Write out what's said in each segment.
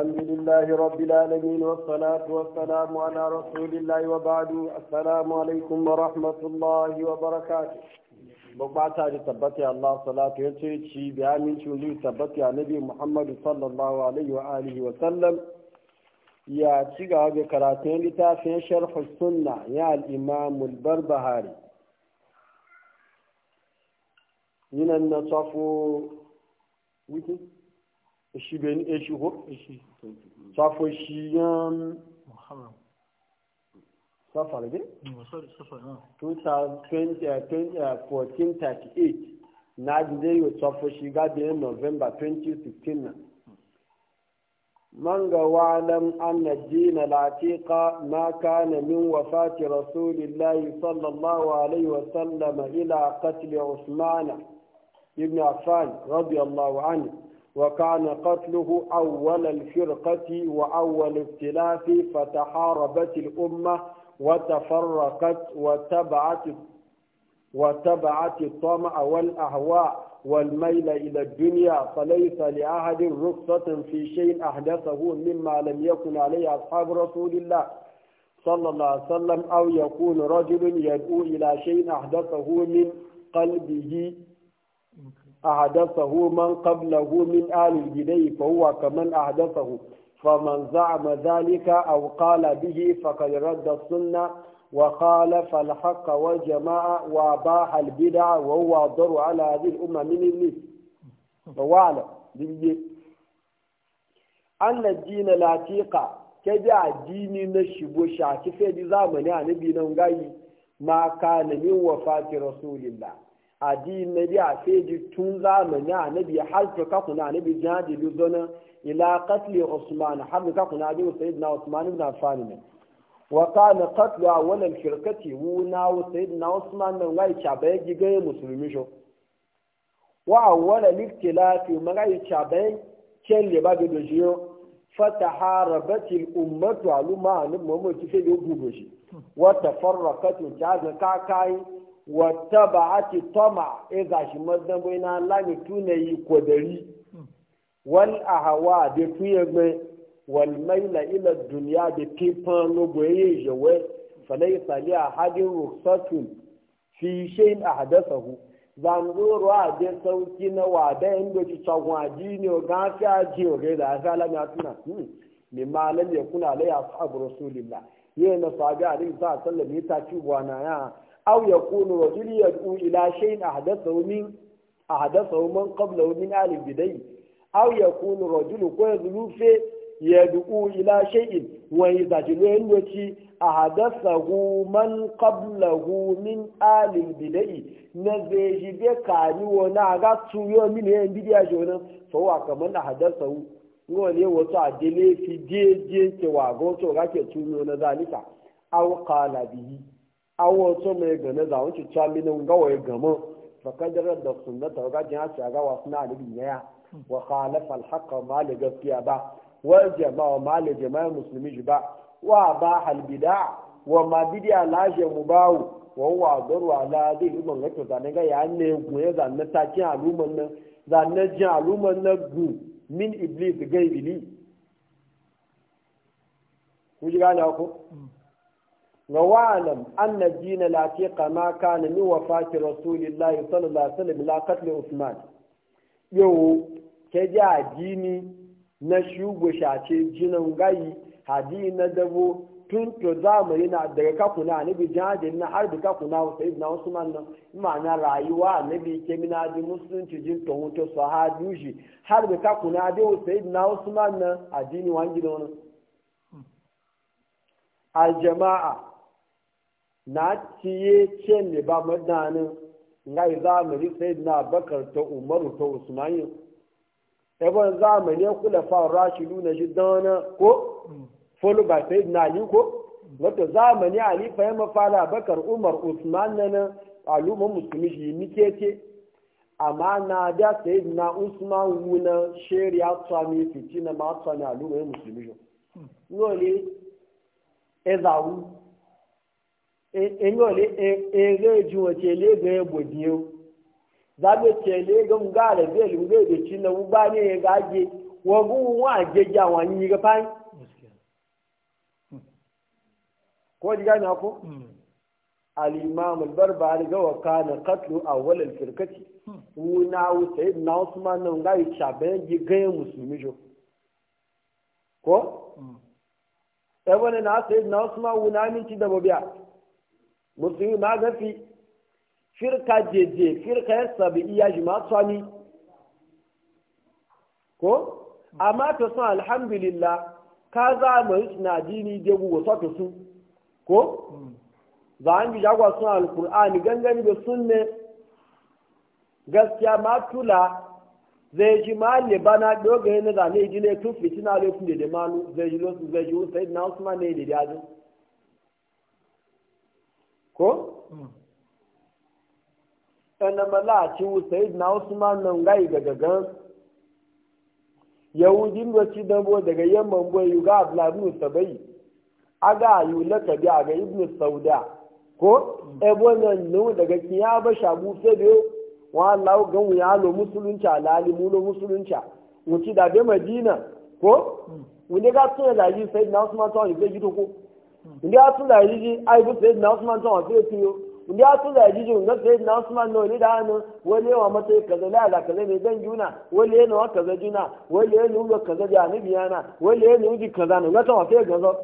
الحمد لله رب العالمين والصلاة والسلام على رسول الله وبعد السلام عليكم ورحمة الله وبركاته da tabbata ya ya ce ci bi aminci da karatun sunna إشي بين إشي هو صفو شيان 2014-38 2016 من من وفاة رسول الله صلى الله عليه وسلم إلى قتل عثمان ابن عفان رضي الله عنه وكان قتله أول الفرقة وأول اختلاف فتحاربت الأمة وتفرقت وتبعت وتبعت الطمع والأهواء والميل إلى الدنيا فليس لأحد رخصة في شيء أحدثه مما لم يكن عليه أصحاب رسول الله صلى الله عليه وسلم أو يكون رجل يدعو إلى شيء أحدثه من قلبه أحدثه من قبله من آل البدع فهو كمن أحدثه فمن زعم ذلك أو قال به فقد رد السنة وخالف الحق والجماعة وأباح البدع وهو أضر على هذه الأمة من الناس وعلى أن الدين العتيق كجاء الدين نشبو شاكفة لزامن يعني بينا ما كان من وفاة رسول الله adi nabi a feji tun zamani a nabi har ta kakuna a nabi jihadi luzona ila katli usman har ta kakuna abin sayid na usman ibn afani ne wa kana katlu a wannan shirkati wuna wa sayid na usman nan wai cabaye gigan musulmi sho wa awwala liktilafi magai cabaye ken le ba da jiyo فتحاربت الأمة على ما نبغى ما تفعله بوجه وتفرقت وجاز كاكاي wata ba a ce toma ya e gashi madan na lami tuna yi kodari hmm. wal ahawa da tuye mai wal maila ila duniya da fifan logoye jawe falai sali a hadin ruksatun fi shayin a hadasahu zanzoro a da sauki na wada yin da ci tsagwaji ne ga fi ajiye ga da aka lami a tuna mimalan ya kuna lai a sabu rasulillah yi na sabi a rin sa sallam ya ta ci gwana ya aw yakunu rajul yad'u ila shay'in ahdathahu min ahdathahu man qablahu min ahli bidai aw yakunu rajul ko yadlu fe yad'u ila shay'in wa yadjilu yati ahdathahu man qablahu min ahli bidai nazeji be kani wona ga tuyo min e bidiya jona so wa kaman ahdathahu ngole wato adele fi je ke wa go to ga ke tuyo na zalika aw qala bihi awon so mai gane za wuce caminin ya gama fakadarar da sunnata ga gajin ga a gawa suna da biya wa khalafa alhaqa mali gaskiya ba wa jama'a mali jama'a musulmi shi ba wa ba hal bid'a wa ma bid'a ba wu wa wa daru ala dai umman ga zane ga ya ne goye zane takin aluman nan zane jin aluman nan gu min iblis ga ibili ku ji gane ko ga wa'alam anna dina la fiqa ma kana min wafati rasulillahi sallallahu alaihi wasallam la qatl usman yo ke ji dini na shugo shace jinan gayi hadi na dabo tun to zamani na daga kakuna annabi jihadin na har da kakuna sayyidina usman na ma'ana rayuwa annabi ke mina di musulunci jin to hunto sahabi shi har da kakuna da sayyidina usman na adini wangi da wannan jama'a. na ciye ce ne ba madanin nga yi zamani sai na bakar ta umaru ta usmani ebon zamani ya kula fa rashidu na shi dana ko folo ba sai na ali ko wato zamani ali fa yamma la bakar umar usman nan alumma muslimi shi nike ce amma na da sai na usman wuna shari'a tsami fitina ma tsani alumma muslimi shi nole ezawu engole ere juwa chele ga bodiyo zabe chele ga mga da bel mga da china uba ne ga je wogu wa jeja wa ni ga pai ko diga na ko al-imam al-barbari ga wa kana qatlu awwal al-firqati una wa sayyidina usman nan ga chabe ji ga musulmi jo ko ebe hmm. na sayyidina usman wuna minti da babiya musulmi ma gafi firka jeje firka ya sabi iya ji matsani ko amma to sun alhamdulillah ka za a mu yi sinadini jegu wasu ta su ko hmm. za an ji jagwa sun alkur'ani gangan da sun ne gaskiya ma tula zai ji ma bana dogaye na zane ji ne tun fitina lokacin da da malu zai ji lokacin zai ji wasu sai na usman ne da dajin ko hmm. ɗan mala ci na usman nan gai daga gan yahudin da ci dabo daga yamman bai yuga abdullahi sabai aga yu laka bi aga ibnu sauda ko hmm. ebo nan nu daga kiya ba shagu sebe wa lawo gan ya lo musulunci alali mu lo musulunci wuci da be madina ko hmm. wunde ga tun da yi sai na usman tawon ibe gido ko ndị atụla ejiji anyị bụ sayid na osman tọwa fi etinyo ndị atụla ejiji nga sayid na osman na olida anụ wele wa mata kaza la ala kaza mai dan juna na kaza juna wele na ulo kaza e da anabi yana wele na kaza na nga tọwa fi gazo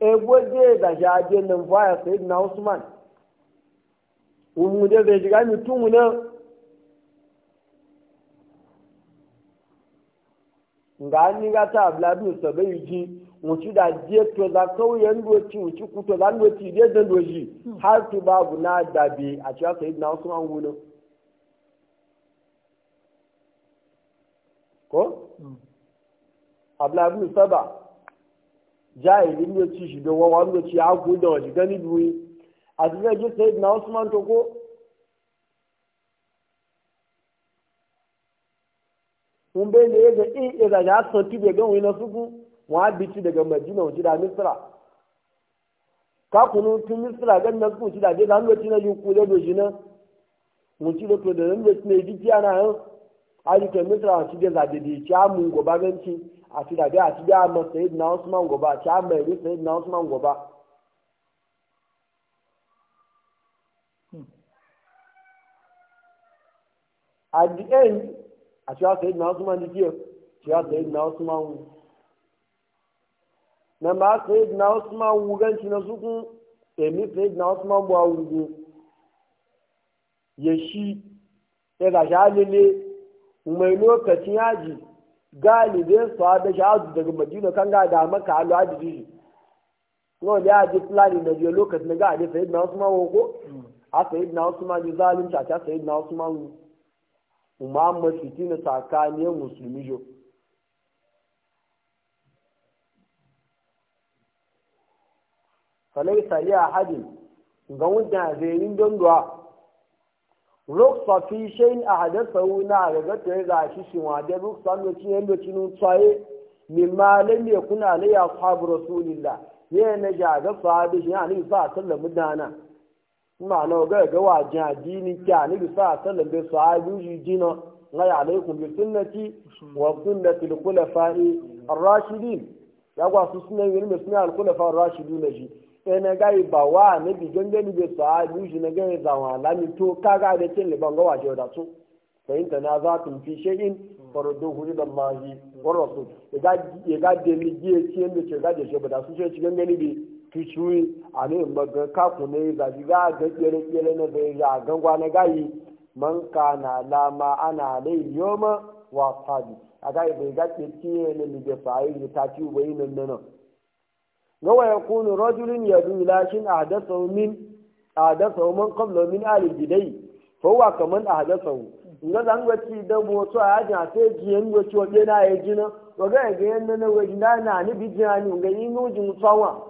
egwo je da jaje nan vaya na osman umu da zai nga ni nga ta abladu sabai ji wuci da je to da kauyen doci wuci ku to dan doci je do doji hmm. har tu babu na dabi a cewa sai na Usman wuno. ko hmm. abladu saba jahilin doci shi da wawan doci ya ku da waje gani duwi a cikin je sai na Usman to ko kun bai da ya ga in ya ya sauki bai gan wani suku wa bici daga madina wuce da misira ka kunu tun misira gan na suku ci da dai da hannu na yi kule da shi na wuce da to da nan da yi jiki ana yan ayyukan misira a cikin zaɗe da ci amun goba ganci a ci da a ci da amma sai na usman goba ci amma ya sai na man goba hmm. at the end a cewa sayid na usman jikiya cewa sayid na usman wu na ma sayid na usman wu ganci na sukun emi sayid na bu awugu ya shi ya ga sha lele mai lokacin yaji galibin su da ga daga madina kan ga da maka alu adiji no da yaji fulani na biyo lokacin da ga ade sayid na usman wu ko a na zalunci a na umar fitina tsakaniyar musulmi jo falai sali a hadin ga wujan zainin don duwa ruksa fi shayin a hadasa wuna ga gata ya zashi shi wadda ruksa lokacin yadda nun tsaye mimma lam kuna alayya ashabu rasulillah yana ja ga sahabi shi alayhi ba a wasallam dana ma'ana ga ga wajen addini ki annabi sa sallan bai sahabu shi jina ngai alaikum bi sunnati wa sunnati al khulafa'i ar rashidin ya gwa su sunan yin mai sunan al khulafa ar rashidin ji na ga wa annabi gangani bai ga ga da su na za tun fi e ga da ni ji ba da su bi tucuyi a ne maga kaku ne ga shi ga ga kere kere na bai ga gangwa na gayi man ka na lama ana ne yoma wa sabi a gayi bai ga ke tiye ne mi da ne ta ci yi nan nan ga waya kunu rajulin yadu ila shin a min ahdasa man qabla min ali gidai fa a kaman ahdasa ina zan ga ci da bo so a ja sai jiyan go ci wa na ya jina wa ga ga yan nan wa na na ni bijani ga yin go jin tsawa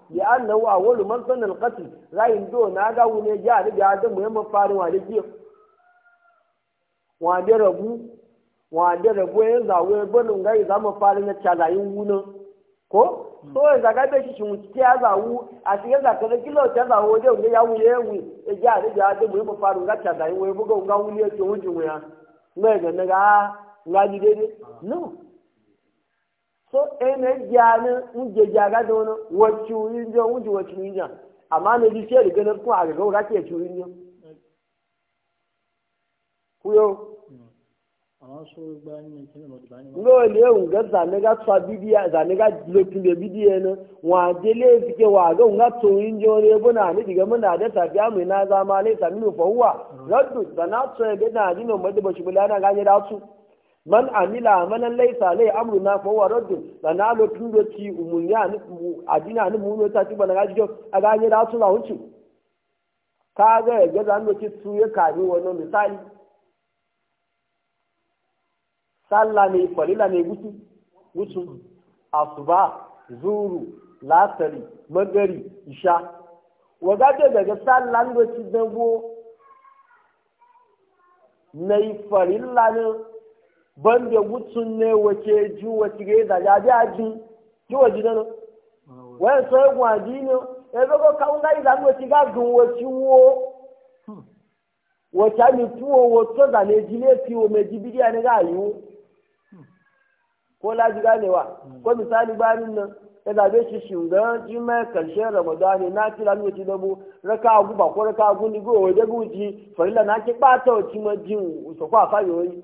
ya annahu awwalu man sanna al-qatl rayin do na ga ya ga da muhimmin farin wa da giyo wa da rabu wa da rabu ya zawo banun ga za mu farin na chalayin wuna ko so ya zaga da shi shin ya zawo a shi ya zaka da kilo ta zawo da wune ya wune ya ya da ga da muhimmin farin nga chalayin wai buga ga wune ya ke wujin ga na so ene jani unje jaga dono wachu injo unje wachu injo amma ji sheri ganin kun a ama wurake chu injo kuyo mm. ngo le unga ga tsa bibiya zanega lokin da bidiye ne wa dele fike wa ga unga to injo ne buna mm. ni diga muna da tafiya mai na zama ne taminu fa huwa raddu da na tsaye na jino madu bashi bulana ganye da su man amila amalan laisa lai na fa wa raddun da na lo tun do ci umunya ni adina ni mu ta ti bana gajo aga ni da su lawo ci ka ga ga zan do ti su ya kabi wannan misali salla ni falila ni gutu gutu asuba zuru lasari magari isha ga da ga sallah do ti dango na yi farilla ne banda wutsun ne wace ju wace ga da ya ja ju ju waje da no wai so e gwa ji no e go ka un ga da wace ga gun wace wo wace mi tuwo wato da ne ji ne ti o me ji bidiya ne ga yu ko la ji gane wa ko misali bayanin nan ya zabe shi shugaban jima karshen ramadani na kira ni wace dabo raka guba ko raka gundi go waje guji farilla na ki bata wace ma jin so kwa fa yoyi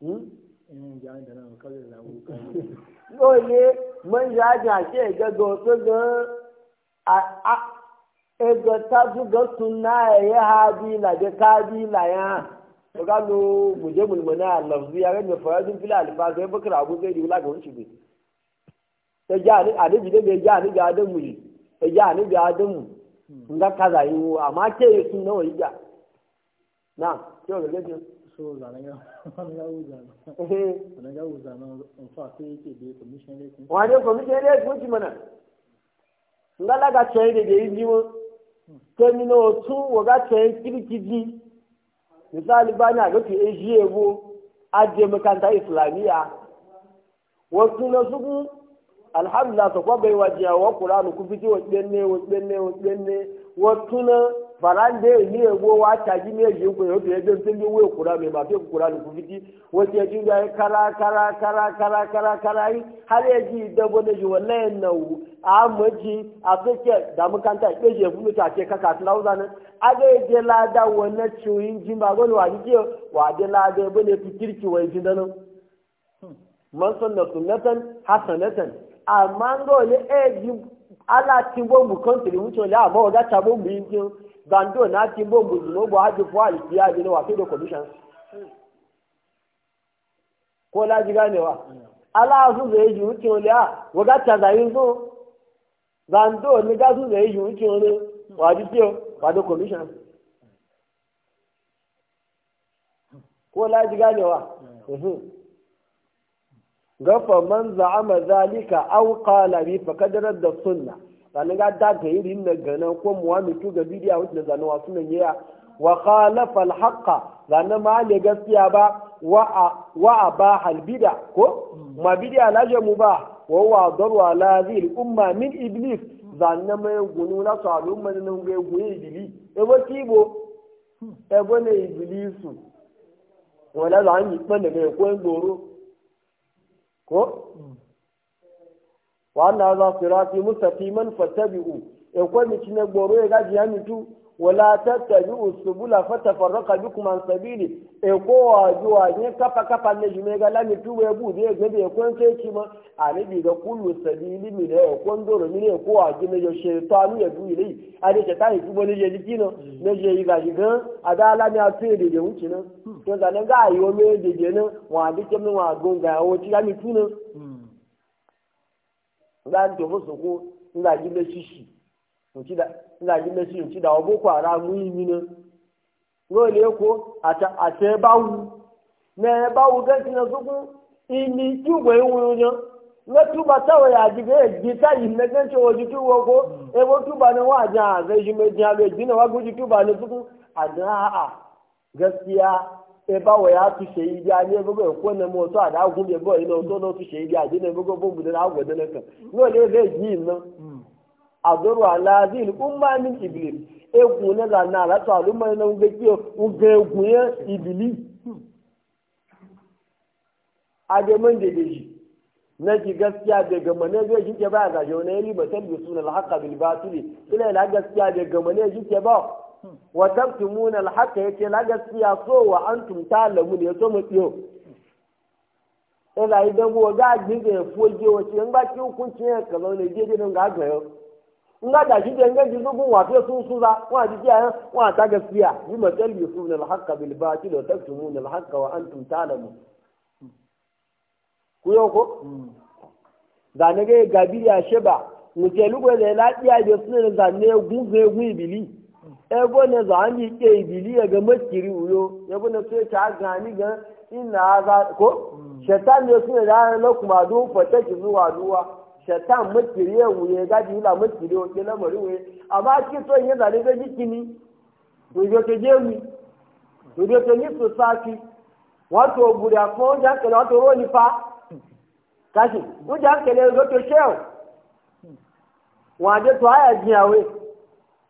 lóye mọ́nyá àjàṣe ìgẹ́gẹ́ tó gan ẹgbẹ́ tábùgọ́ tún náà ẹ̀yẹ́ ha bí ìlàjẹ́ ká ìlàyà ọ̀gá ló gbòjé mùlùmọ̀ náà lọ́fù yàrá mi fọ̀rọ̀ fílẹ̀ àlùfáàgbé bókèrè àbúgbé ìdíwó lágbọ̀n ṣùgbọ́n ẹja àdébìdé so zanen ya zanen ya zanen in fa sai da commission rate wani commission rate ko jimana ngala ga tsaye yi jimo termino otu wa ga tsaye kirkiji misali ba e e na ga ke ajiye bo ajiye makanta islamiyya wasu na suku alhamdulillah ta kwabai wajiya wa kuranu ku fiti wa wa wa wotuna barande ni ego wa taji meji ko yo be be tindi we kura be ba be kura ni ku fiti wote ji ga kara kara kara kara kara kara har ya ji da gode ji wallahi nau a maji a kake da makanta ke je ta ke kaka lauza ne a ga je lada wa ji wa de lada bane fikirki wai jin danan man sunna ala ti bombu kontiri wucho la mo ga ta bombu injo gando na ti bombu no bo haji fo al biya bi no wa kedo commission ko la ji gane wa ala su ze ji wucho la wo ga ta zayin so gando ni ga su ze ji wucho ne wa ji ti wa do commission ko la ji gane wa hmm. gafa man za'ama zalika aw qala bi fakadarat da sunna sanin ga da ga irin na gana ko muwamitu ga bidiya wuce da zanawa sunan yaya wa khalafa al haqqa zana ma le gaskiya ba wa wa ba al bid'a ko ma bid'a la je mu ba wa wa darwa la zil umma min iblis zanna mai gunu na salu man nan ga gunu iblis e ba kibo e ba ne iblisu wala zan yi ban daga ko ngoro ko wa anna hadha sirati mustaqiman fattabi'u e ko mi cine gboro e gaji ya wala tattabi'u subula fatafarraqa bikum an sabili e ko waju wani kafa kafa ne jume ga lami tuwe bu de ga de ko ce ci ma anabi ga kullu sabili mi ne ko ndoro mi ne ko waju ne yo shaytanu ya du ile ade ta tai ku bole je dikino ne je yi ga jiga ada ala mi atu de de wuci na to da ne ga yo me de je na wa de ke mi wa gon ga o ti ga mi tu na ga to bo so ko nga ji shishi ìlàjí mẹ́sí ìtìdà ọgbókò ara mú ìmì ní lóòlé Na àti ẹbáwú ní ẹbáwú gẹ́sì náà sókún ìní tí ìwé ìwé yẹn lọ́túbà táwọn àdìgbé èjì táyì mẹ́gẹ́ tí wọ́n ju tí wọ́n kó ewu túbà ni wọ́n àjà àgbẹ̀ ju méjì àgbẹ̀ ìdí náà wọ́n gbójú túbà ní sókún àdá àà gẹ́sì á ẹbáwọ̀ yà tún ṣe ibi àní ẹgbẹ́gbẹ́ ẹ̀kọ́ ẹ̀nà mọ́ ọ̀tọ́ àdágún bí ẹgbẹ́ ìnáwó tó náà tún ṣe ibi àdínà ẹgbẹ́gbẹ́ bóńbù náà àwọ̀dẹ́lẹ́kàn lóòlé ẹgbẹ́ yìí náà àdúrà aláàzín umar min iblis egun nígbà náà látọ̀ àlùmọ́ iná ń gbé kí ogun egun yẹn ìbìlì adémọ́ndèdè na ji gaskiya da gamane zai jike a ga jaune ri ba tabbi sunan alhaqa bil batili ila la gaskiya da gamane jike ba wa tabtumuna alhaqa yace la gaskiya so wa antum talamun yaso mu tiyo ila e idan go ga jige foje wace in ba ki hukunci ka zaune je je nan ga ga nga da shi da ji zugun wato su su za wa ji ya wa ta gaskiya yi ma talbi su ne haka haqqa bil batil wa taktumun al-haqqa wa antum ta'lamun ku yau ko da hmm. ne ga gabi ya sheba mu ce lugo da lafiya da su ne da ne gugu gugu ibili hmm. ebo ne za an yi ke ibili ga maskiri uyo ebo ne so ta gani ga ina za ko hmm. shaitan ne su ne da lokuma do fata ki zuwa duwa shaitan makiri ya wuye gaji hula makiri wa ke lamari wuye amma ki so yin zane ga jikini wujo ke jemi wujo ke ni su saki wato buriya ko wujo hankali wato fa kashi wujo hankali wujo ke shehu wande to haya jiyawe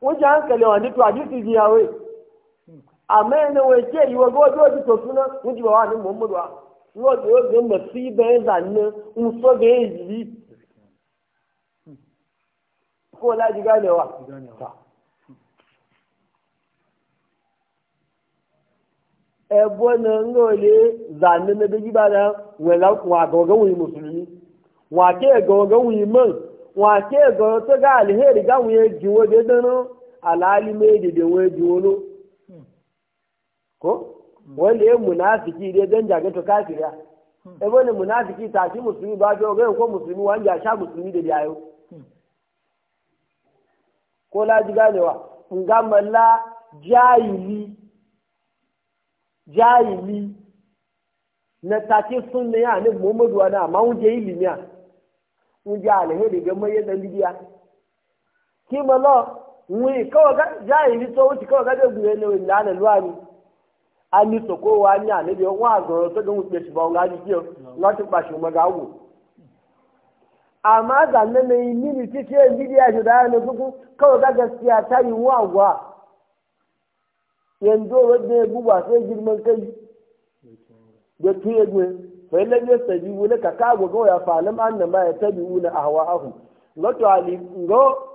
wujo hankali wande to hadisi jiyawe amma yana wai ke yi wa gojo ji to suna wujo ba wa ni muhammadu wa. Ngo de o ge mbasi be zanin, nso ge yi ko laji ganewa ebo eh, na ngole zanne na bigi ba wela wa gogo wi musulmi wa ke gogo wi man wa ke gogo to ga alheri ga wi jiwo de dano alali me de de we jiwo lo hmm. ko hmm. wale munafiki de dan jaga to kafira hmm. ebo eh, ne munafiki ta ci musulmi ba jo ga ko musulmi wanja sha musulmi de yayo ko laji ganewa nga malla jahili jahili na take sunna ya ne muhammadu wani amma wuje ilimi a wuje alheri ga mai yadda libiya ki malo wui kawai ga jahili to wuce kawai ga dogu ne wani lana luwa ni an yi sokowa ni a ne biyan wa zoro to ga wuce shi ba wani ga na tun ba shi amma ga nan na yi mini cikin bidiya shi da yana suku kawai ga gaskiya ta yi wagwa yanzu wadda ya buba sai girman kai da tuye gwe mai lanyar sabi wule ka kago kawai ya falin an na ma ya tabi wuna a hawa ahu wato ngo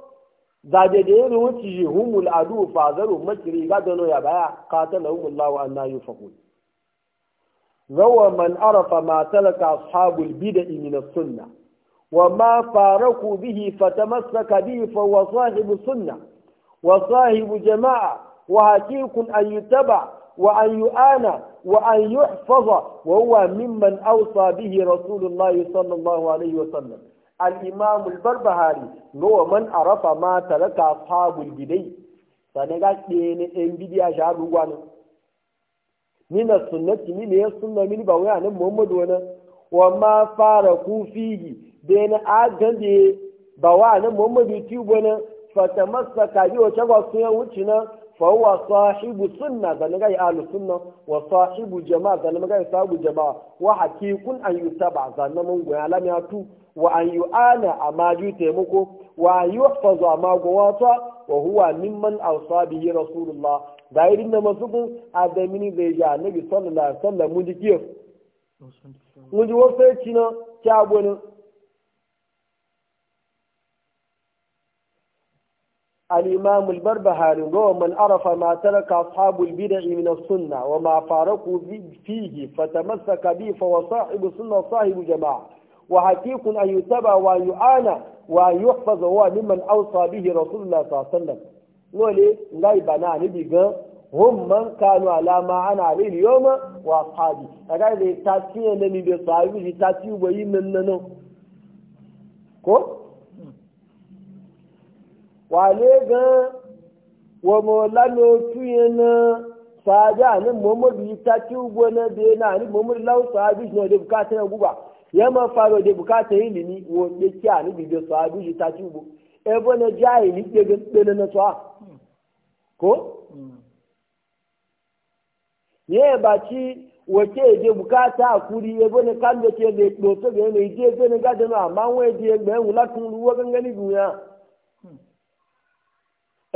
zaje da yin wuce yi humul adu fazaru makiri ga gano ya baya katala humullahu an na yi fakul rawa man arafa ma talaka ashabul bida'i min sunnah وما فارقوا به فتمسك به فهو صاحب السنة وصاحب جماعة وحقيق أن يتبع وأن يؤانى وأن يحفظ وهو ممن أوصى به رسول الله صلى الله عليه وسلم الإمام البربهاري هو من عرف ما ترك أصحاب البدي فنقاك بين انبدي أشعر وانا من السنة من السنة من بويانا محمد وانا وما فارقوا فيه da a agan da ba wa nan muhammadu tubo na fata masa kaji wace ba su ya wuce na fahuwa sahibu sunna da na gai alu sunna wa sahibu jama'a da na gai sahibu jama'a wa hakikun an yi taba za na mun goya lamya tu wa an yi ana a maju taimako wa yi wafazu a magowata wa huwa mimman ausabi yi rasulullah da irin da masu kun adamini zai ja nabi sallallahu alaihi wasallam mun ji kiyar mun ji wasu ya ci na kya kyabonin الإمام البربهاري هو من عرف ما ترك أصحاب البدع من السنة وما فارقوا فيه فتمسك به فهو صاحب السنة صاحب جماعة وحقيق أن يتبع ويعانى ويحفظ هو ممن أوصى به رسول الله صلى الله عليه وسلم ولي لا يبنى نبي هم من كانوا على ما أنا عليه اليوم وأصحابي أقول لي تاتيين أنا نبي صاحبي تاتي ويمننو كو wale ga wa maulano tuye na sahabi a nan muhammadu ta ci ugbo na da na lau sahabi shi da bukatar yan guba ya ma faro da bukatar a ni bibiyar sahabi yi ta ci ugbo na jahili ke ga tsere na tsawa a ga yanayi na gada na amma wani je ga yan wula tun ruwa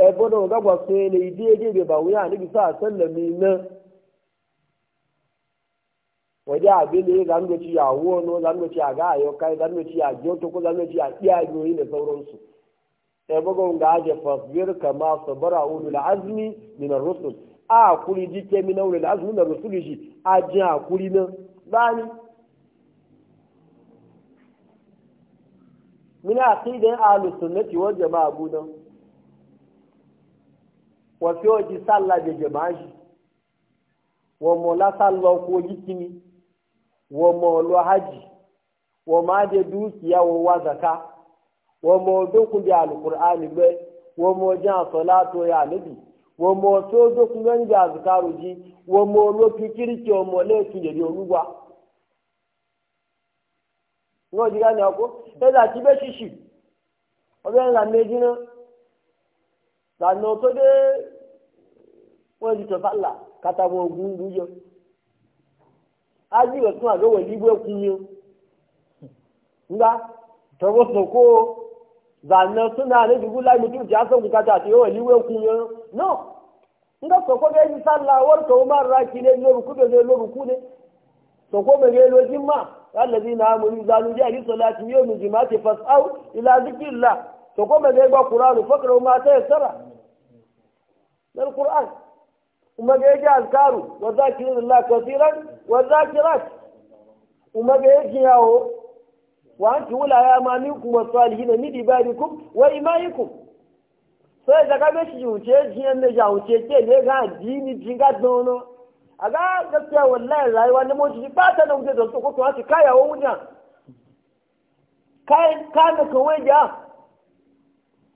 ebe na oga gwaso ya na idi ege ebe ba wuya ni bisa sallam ni na waje abin da ya zangoci ya wono zangoci a ga ayo kai zangoci a ya ko zangoci a iyayoyi da sauransu sai ga aje fasbir kama sabara ulul azmi min ar-rusul a kuri azmi rusul ji a ji a kuri na bani min aqidan ahlus sunnati na. wọ́n fi òjì sálà jẹjẹ máa yìí wọ́n mọ̀ lásàlọ ọkọ̀ ojú kìíní wọ́n mọ̀ lọ hajj wọ́n máa jẹ dúkìá wọ́n wá zaka wọ́n mọ̀ dókun bí alukur'ani gbẹ wọ́n mọ̀ jẹ́ àsọlá tó yà níbi wọ́n mọ̀ tó dókun lẹ́yìn bí azukaru jí wọ́n mọ̀ lókun kíríkì ọmọ lẹ́ẹ̀tún yẹ̀dí olúwa. ní ọjọ́ ìgbà ni ọkọ̀ ẹ̀dá tí bẹ́ẹ̀ ṣíṣì ọbẹ̀ ńlá méjì náà. sànà tó dé wọ́n ti tọ̀fà là kàtàkùn ogun ìlú yọ ajíwẹ̀ tún àgbẹ̀wẹ̀ nígbó ẹkùn yọ ńgbà tọwọ́ sọ̀kó sànà súnà àlejò láì mú tún jà sọ̀kù kàtà àti ìwẹ̀ nígbó ẹkùn yọ náà ńgbà sọ̀kó bẹ́ẹ̀ ní sànà wọ́n tọ̀wọ́ máa ra kí lé lórúkú bẹ̀rẹ̀ lórúkú ni sọ̀kó bẹ̀rẹ̀ lójú mà alẹ́ bí nàá mo ní ìgbàlódé àyíṣọ́lá àti yóò mi jì má ti fà to ko me zai ba Qur'anu fakra ma ta yassara dal Qur'an kuma ga yaji azkaru wa zakirullahi kaseeran wa zakirat kuma ga yaji yawo wa anti wala ya ma minkum wasalihin min ibadikum wa imaikum sai daga be shi wuce jiyan ne ja wuce ke ne ga dini jinga dono aga gaskiya wallahi rayuwa ne moji ba ta da wuce da su ko to haka kayawo wuce kai ko kawai ja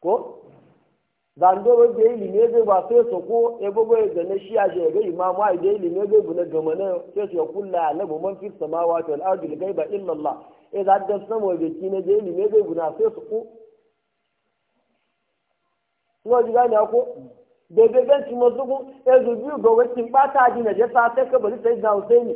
ko zando ba da ilimi zai ba sai su ko e gogo ya gane shi a je ga imamu a da ilimi zai bu na gama na sai su kulla alamu man fi samawati al'adu da ghaiba illa Allah e eh, za da samo da ki na da ilimi zai bu na sai su ko ko ji gane ko da ga ganci mazugu e zu biyu ga wacin bata ji na je sa sai ka bari sai da Husaini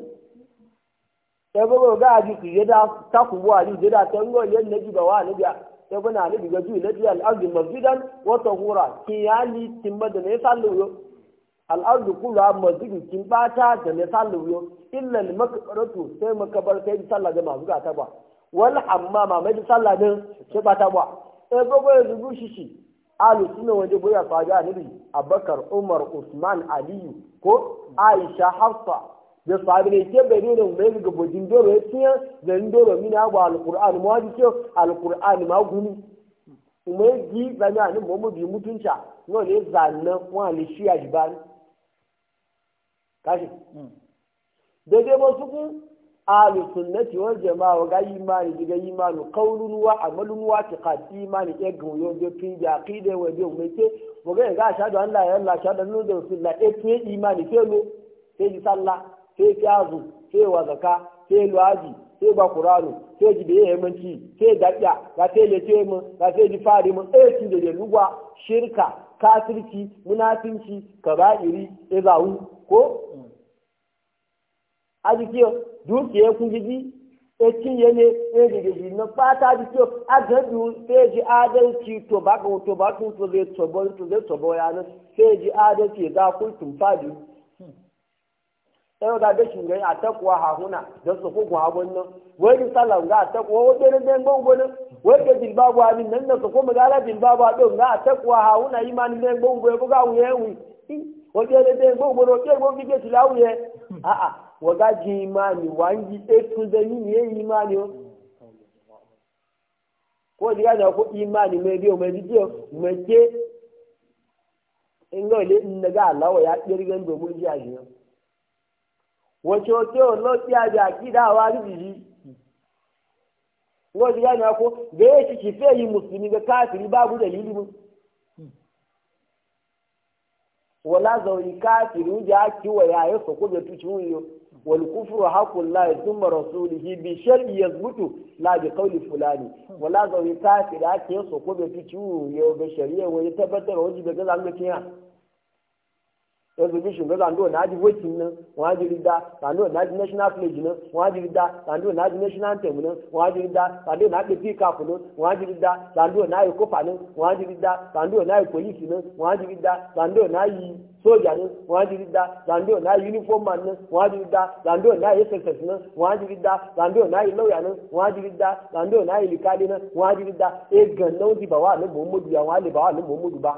e gogo ga aji ku yada ta ku wa ji da tango yan naji ba wa biya. ibn ali bi gaju ilati al ardi masjidan wa tahura ki timma da ne sallu al ardi kullu masjidu timbata bata da ne sallu illa al makbaratu sai makabar sai salla da mazuga ta ba wal hammama mai sallah din sai bata ba e gogo ya e zubu shishi alu suna waje boya faja nabi abakar umar usman aliyu ko aisha hafsa da sahabi ne ke bai nuna mai ga bojin doro ya tiya da ni doro mini agwa alkur'ani ma wajen ce alkur'ani ma guni kuma ya gi zane a nan mamu bi mutunca yau ne zanna zanen wani shi ya ba ni kashi hmm. daidai ba su kun ahlu sunnati wal jama'a ga imani diga imani qawlun wa amalun wa tiqad imani e gun yo be tun ya qide wa be mai ce mo ga ga shahadu an la ilaha illallah shahadu anna rasulullah e tun imani ke lo sai sallah sai kyazu sai wazaka sai luwaji sai ba sai ji da yi manci sai dadda ga sai lece mu ga sai ji fari mu ɗaya eh, kin da lugwa shirka kafirci munafinci ka ba kaba'iri izahu ko a aji kiyo dukiye kun gidi ekin yene e ji gidi na fata di kiyo agadu sai ji adalci to ba to ba to zai to ba to zai to ba yana sai ji adalci ya za kultum fadi sai ga da shin a takwa ha huna da su ko gwa wannan wai ni sallan ga takwa wai da nan gon gon wai da jilba gwa min nan da su ko magala jilba gwa don ga takwa ha huna imani nan gon gon ko wuye nan ke a wa ji imani wangi e tun ne imani ko diga da ko imani me biyo me biyo me ke in in ga lawa ya kirgan domin jiya wacce wacce olóòtí da àkídá wa ríjìjì wọ́n ti yáni akó bẹ́ẹ̀ ti kì fẹ́ yìí mùsùlùmí bẹ káàkiri bá gbúdọ̀ yìí limu wọ́n lázọ̀ yìí káàkiri ń jẹ́ àti wọ̀nyí àyè sọ̀kó bẹ tu tiwọn wọ́n yẹ resolution ga zando na ji voting nan wa da rida zando na ji national pledge nan wa da rida zando na ji national anthem nan wa da rida zando na ji pika ku nan wa da rida zando na yi kofa nan wa da rida zando na yi police nan wa da rida zando na yi soja nan wa da rida zando na yi uniform man nan wa da rida zando na yi sss nan wa da rida zando na yi lawyer nan wa da rida zando na yi likali nan wa ji e gan ba wa nan muhammadu wa le ba wa nan ba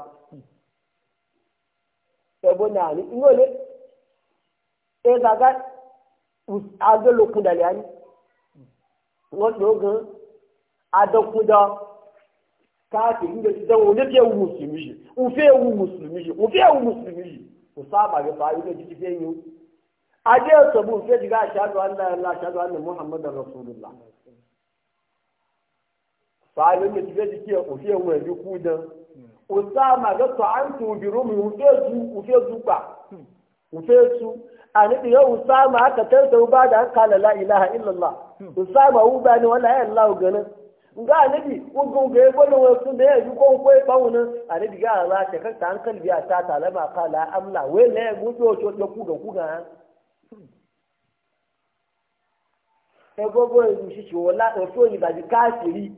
ebo na ni ngole e daga ajo lokun da yani ngo dogo adokun da ka ti nge da wo le ewu muslimi ji o ewu muslimi ji o ewu muslimi ji o saba ge fa ile ji fe yin aje so bu fe diga ashhadu an la ilaha illallah ashhadu anna muhammadar rasulullah fa ile ji fe ewu ku dan usama ga ta'antu bi rumi ufezu ufezu ba ufezu anibi ya usama aka tarta ba da an kala la ilaha illallah usama u ba ni wala allah gana nga anibi ugu ga gona wasu da ya yuko ko ba wuna anibi ga ala ta kan ta hankali biya ta talama kala amla we ne mu to to da ku ga ku ga egogo ezu shi shi wala ofo e ni ba di kasiri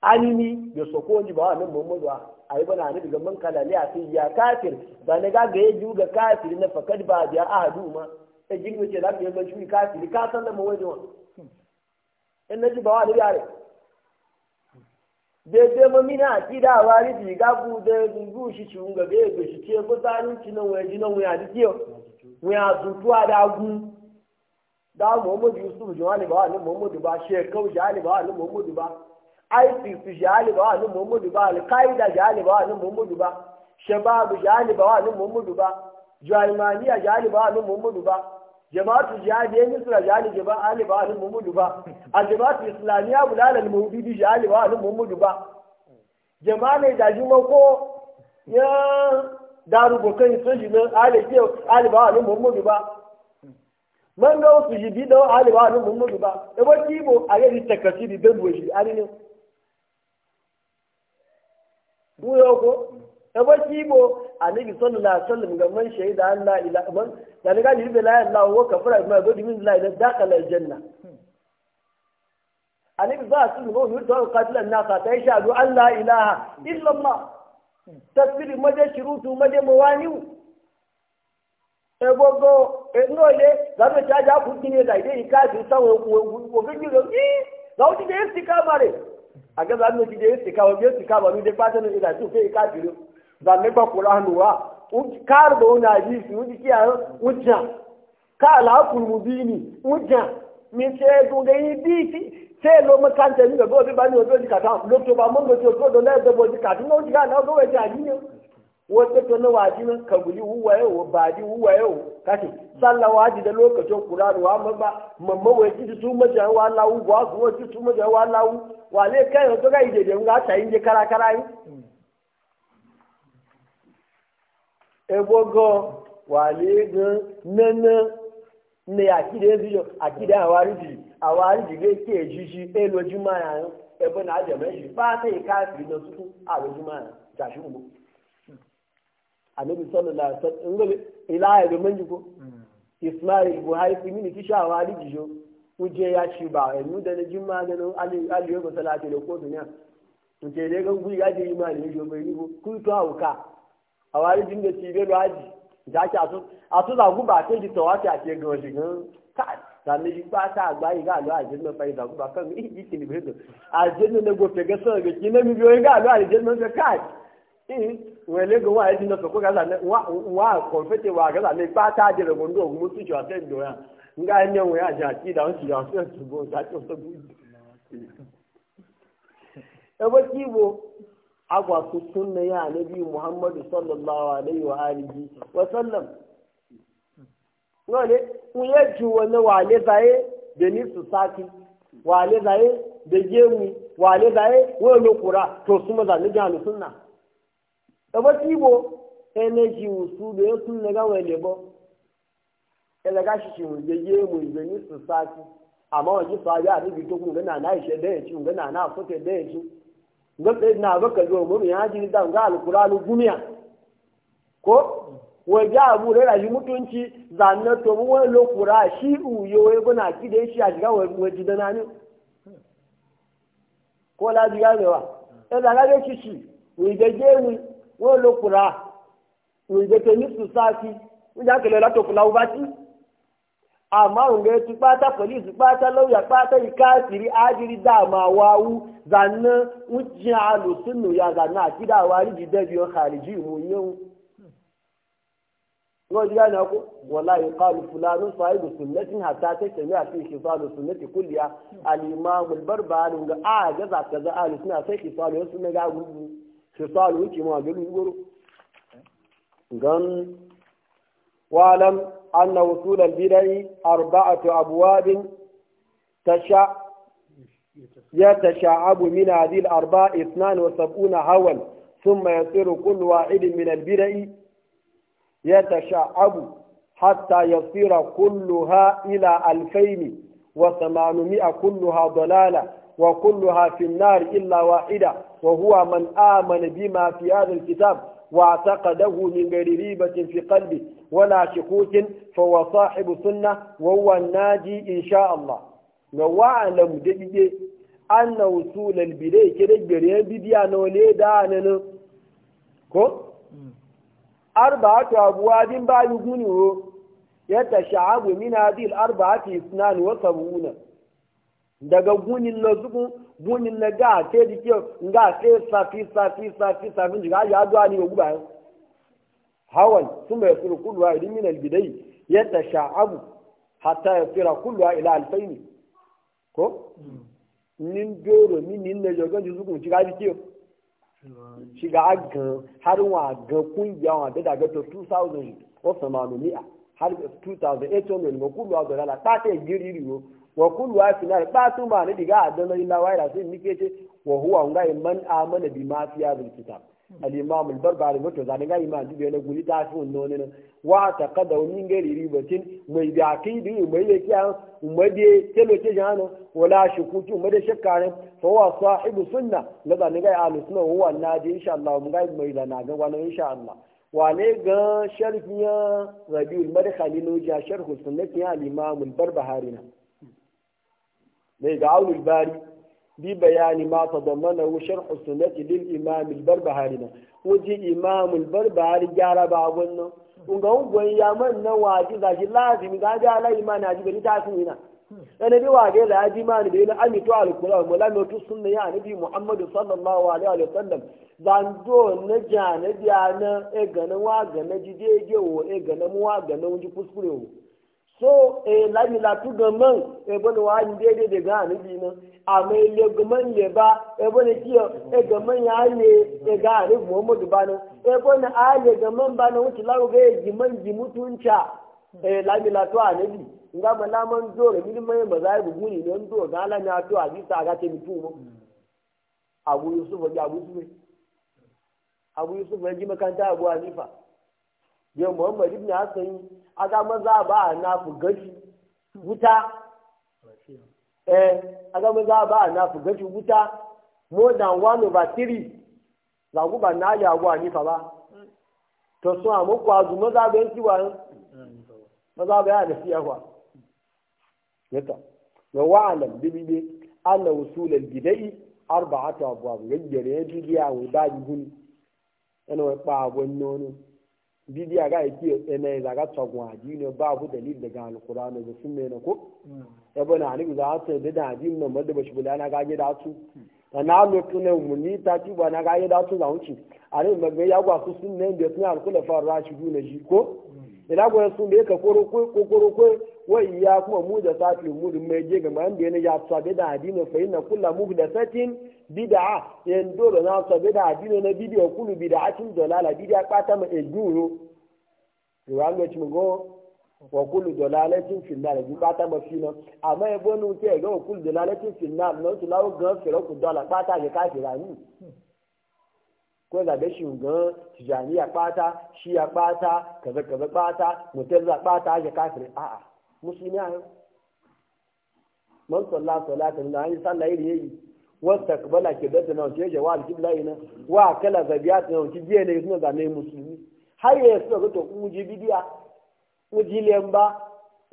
anini da sokoni ba nan Muhammadu a yi na ni daga man kalali a fi ya kafir ba ne ga ga yaju ga kafir na fakad ba ja ahadu ma e jinni ce da ke ban shi kafir ka san da mu waje wa in naji ba wani yare de de mu mina ti da wari bi ga bu de shi shi unga shi ce bu ci waje da gu da ba ni Muhammadu ba shekau ba Isis jihali ba ni Muhammadu ba, Al-Qaida jihali ba wani Muhammadu ba, Shababu jihali ba ni Muhammadu ba, Jaimaniya jihali ba ni Muhammadu ba, Jama'atu jihadi ya Misra jihali jihali ba ni Muhammadu ba, a Jama'atu Islamiyya Bulalal mawdidi jali ba ni Muhammadu ba. Jama'a ne da juma ko ya daru bokan sun shi nan Ali ba ni Muhammadu ba. Man ga wasu shi bi da Ali ba ni Muhammadu ba. Ebe kibo a takasi takasiri don duwa shi, Ali ne. buyo ko e ba bo annabi sallallahu alaihi wasallam ga man shaida Allah ila man da daga ni bi la ilaha wa kafara ma godi min la ila dakhala aljanna annabi ba su go yurta wa qatila na ka ta shahadu Allah ilaha illa Allah tasbiri maje shurutu maje mawaniu e gogo e nole za ta ja ku da idai ka sawo ko ko ga ni ga ti da istikama àgẹ́sà ní òkìdí èyí sìkà òbí èsìkà bọ̀lú dé pátẹ́ ní ìdájú fẹ́ ìka jùlọ zàmẹ́gbà kúrò hàn wá káàrù òun náà yìí ìsì àrùn ń jàn káàlà ákùnrin ni ń jàn mi ṣe ẹ̀dùn bí ti nígbà ti bá ní ojú òjì kàtà lóṣù wata to na waji nan kabuli huwaye wa baji huwaye wa kashi sallah waji da lokacin qur'ani wa amma ba mamma wai ji su maja wa lawu wa su wai su maja wa lawu e wa le kai to ga ide e e ta inje kara kara yi ebogo wa le ne awa ge ke elojuma ya ebo na aje meji te ka fi no su awojuma ja shi annabi sallallahu alaihi wasallam ngol ila ya manji ko ismail buhari fi mini kisha wali jijo kuje ya shi ba enu da na jin maganin ali ali yau salati da kotu ne to ce dai ga guri ya je imani ne bai ni ko ku to hauka a wali jin da tibe do aji da ki asu asu da guba ke ji tawati a ke ga wajin ka da ne ji ba ta agba yi ga lo a jin na fa da guba kan yi kini bai do a jin na go fe ga so ga kina mi biyo ga lo a jin ka nwere ga wa yadda so ko gaza wa nwa konfete wa gaza na ba ta jira gondo mu su ya nga ne wo ya ji ti da on ti ya so su go ta e agwa su sunna ya nabi muhammadu sallallahu alaihi wa alihi wa sallam wa wa wa ebota igbo emeji usulu ekwu nne ga nwere bo elega shishi wuje ye mu ibe ni society amma waje fa ya ni na ana ishe da yaci na ana soke da na ga ka ya ji da ga alquranu gumiya ko shi uyo ya gona ki shi a shiga waje da ko la biya ne wa e a ga shishi wọ́n ló kura ìgbètò ní sùsáàtì ń jà kẹlẹ́ látò kula ọba tí àmọ́ àwọn ọ̀gá ẹtù pátá pọ̀lísì pátá lọ́wọ́yà pátá ìkáàkiri ágírí dààmú àwáwú zànà ń jẹ́ a ya zànà àti dàwọ̀ àríjì dẹ́bi ọ̀hàrìjì ìmú yẹ́wù. wọ́n ti gánà kó wọ́lá ìkọlù fúlàní fàáìlù sùnmẹ́tì hàtà tẹ̀sẹ̀mẹ́ àti ìṣèfàlù sùnmẹ́tì kúlìyà àlìmọ́ àmùlbárùbá àrùn àgẹ́sà kẹzà àlùsínà àti ìṣèfàlù yẹn tisalu yake ma ganin goro gan walam anna wusul albidai arba'atu abwabin tasha ya tasha abu min hadhihi alarba' ithnan wa sab'una hawan thumma yasiru kullu wahidin min albidai ya tasha abu hatta yasira kulluha ina alfaini wa thamanumi'a kulluha dalala wa kullu ha fi nari illa wa ida wa huwa man amana bima fi hadha alkitab wa taqadahu min ghariribatin fi qalbi wa la shukukin fa wa sahibu sunnah wa huwa nadi insha Allah wa wa alam dabige anna usul albidai kida gari bi dia na wale da nan ko arba ta abwa din ba yuguni ho yata sha'abu min hadhihi daga gunin na zuku gunin na ga te dike ga te safi safi safi safi ji ga ya duwa ne guba yau hawan sun bai suru kulwa idan min albidai ya tasha'abu hatta ya tsira kulwa ila alfaini ko hmm. nin doro min nin na jogan ji zuku ci ga dike ci ga gan har wa kungiya wa da daga to 2000 ko samanu har 2800 ne la ta وكل واحد نار باتو ما ندي قاعد دنا إلا وير أسير نكتة وهو عنا إيمان آمن بما في هذا الكتاب الإمام البربر ما تزعل عنا إيمان دي بيقول قولي تعرفوا إنه إنه واعتقد أن ينجي ليريبتين ما يبيعكي دي وما يبيعكي عن وما دي تلو تجانا ولا شكوتي وما دي شكارا فهو صاحب سنة لذا نجي على سنة هو النادي إن شاء الله وما ما يلا نادي وانا إن شاء الله وعلى جان شرفنا ربيع المرخ اللي نوجي شرخ سنة الإمام البربهارينا mai ga aunul bari bi bayani ma tadammana hu sharh sunnati lil imam al barbahari na wuji imam al barbahari gyara ba wannan kun ga ungon ya man na waji da shi lazimi ga ga la imani aji bari ta sun ina dan dai wage la aji imani da ila amitu al qur'an wala mutu sunna ya nabi muhammad sallallahu alaihi wa sallam zando na jana biya na e ganin wa ganin jijeje wo e ganin wa ganin ji kuskure wo so e lami latu gaman eh, e bani wa ni dede de ga ni bi na ama ile gaman le ba e eh, bani kiyo e ya ne e ga ni muhammadu ba na e bani a le gaman ba na wuce lawo ga ji man ji e lami a ne ma la man re ma za bu guni ndo ga la na to a bi sa ga te mi abu yusuf ga abu yusuf abu yusuf ya muhammad ibn hassan aga maza ba a nafi gashi wuta eh aga maza ba a nafi gashi wuta more than one over three zagu ba na ya a ni fa ba to sun amu kwazu maza bayan yanki wa maza ba ya da siya kwa yata wa wa'alam bibibe anna wusul al-bidai arba'atu abwab ya yajiya wa dajihun ana wa pa wannan a ga yake ene za ga tsagun aji ne ba abu dalil daga alqur'ani da me ne ko ya mm. na ani za ta da da aji ne mada bashi bulana ga ga da su na lokacin ne ni ta ci ba na ga ga da su za wuce ani ga ya gwa su sunna da fara rashi du ne ji ko mm. ila gwa sun da ka koro ko koro ko wa iya kuma mu da safi mu da mai je ga man da ne ya tsabe da aji ne fa inna kullu muhdathatin bid'a yan eh, dole na so bid'a dino na bidiyo kulu bid'atin dalala bid'a kwata ma ejuro riwango chimgo wa kulu dalalatin fil na bi kwata ma fina ama e bonu te ga kulu dalalatin fil na no to lawo gan fero ku dala kwata je ka fira ni ko da be shin gan tijaniya kwata shiya kwata kaza kaza kwata mutazza kwata je kafiri a a musulmi ayo man sallah salatan la yin sallah iri yayi wastakbala kiblatana ke tiyaja wa alqiblaina wa kala zabiatina wa tijena yusuna za ne musulmi har ya suka ga to bidiya lemba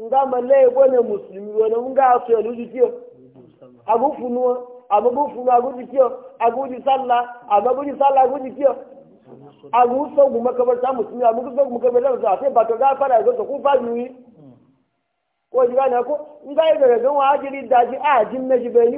nga musulmi wona nga so luji tiyo agu funuwa agu funu agu tiyo agu di salla agu di salla agu di tiyo agu so gu makabarta musulmi agu so gu makabarta so ate ba to ga fara go so ku fa ni ko na ko nga ga ga wa ajiri daji ajin na jibe ni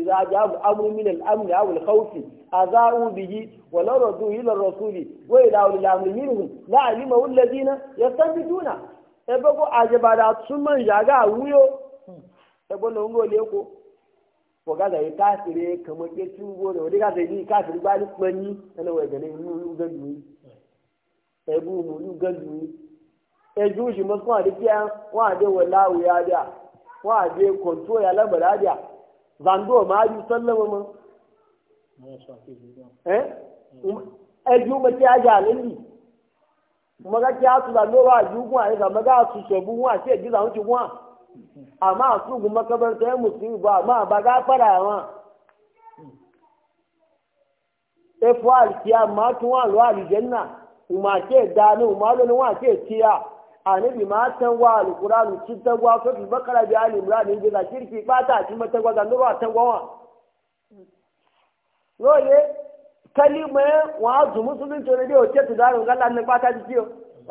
إذا جاء أمر من الأمن أو الخوف أذاؤوا به ولو ردوا إلى الرسول وإلى أولي الأمر منهم لعلمه الذين يستنبطونه ebogo ajabada ثم جاءوا wuyo ebo no ngo leko ko ga dai kafire kamar ke tungo da wadi ga dai ni kafir ba ni kwani ana wa gane mu gandu ebu mu gandu ejuji masu zando ma aji sallama ma eh na ma ti aji alali kuma ga ti asu zando ba aji kuma ai zama ga su shebu kuma sai ji zan ci kuma amma su kuma kabarta ya musulmi ba ma ba ga fara efu alkiyama tun wa lo ke lo wa ke tiya anabi ma tangwa alkurani ci tangwa sofi bakara bi ali imran ne ga kirki bata ci matangwa ga nuru tangwa wa loye kalima wa azu musulun to ne o ce tudaru ga lan fata bata ji ciyo